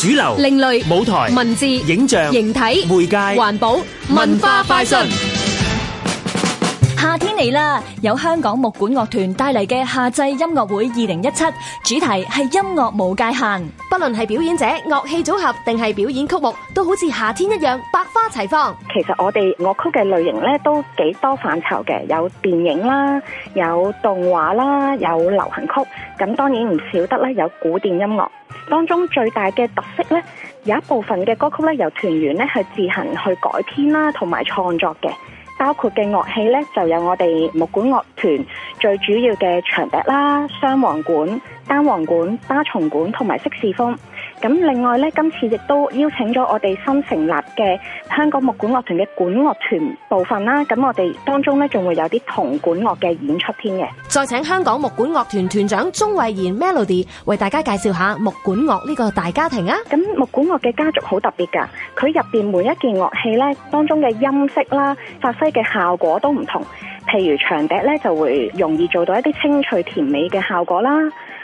主流、另類舞台、文字、影像、形體、媒介、環保、文化、快訊。夏天嚟啦！有香港木管樂團帶嚟嘅夏季音樂會二零一七，主題係音樂無界限。不論係表演者、樂器組合定係表演曲目，都好似夏天一樣百花齊放。其實我哋樂曲嘅類型咧都幾多範疇嘅，有電影啦，有動畫啦，有流行曲，咁當然唔少得咧有古典音樂。當中最大嘅特色咧，有一部分嘅歌曲咧由團員咧係自行去改編啦，同埋創作嘅，包括嘅樂器咧就有我哋木管樂團最主要嘅長笛啦、雙簧管、單簧管、巴松管同埋色士風。咁另外咧，今次亦都邀請咗我哋新成立嘅香港木管樂團嘅管樂團部分啦。咁我哋當中咧仲會有啲銅管樂嘅演出添嘅。再請香港木管樂團團長鍾慧賢 Melody 為大家介紹下木管樂呢個大家庭啊。咁木管樂嘅家族好特別㗎。佢入面每一件樂器咧，當中嘅音色啦，發揮嘅效果都唔同。譬如長笛咧，就會容易做到一啲清脆甜美嘅效果啦。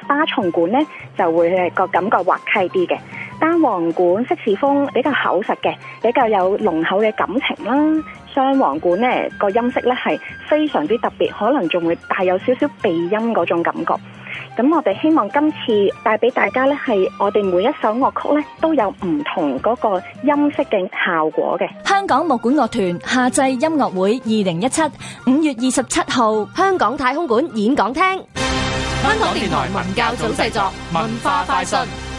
巴松管咧就會係個感覺滑稽啲嘅。單簧管、色士風比較厚實嘅，比較有濃厚嘅感情啦。雙簧管咧個音色咧係非常之特別，可能仲會帶有少少鼻音嗰種感覺。咁我哋希望今次帶俾大家咧，係我哋每一首樂曲咧都有唔同嗰個音色嘅效果嘅。香港木管樂團夏祭音樂會，二零一七五月二十七號，香港太空館演講廳。香港電台文教組製作，文化快訊。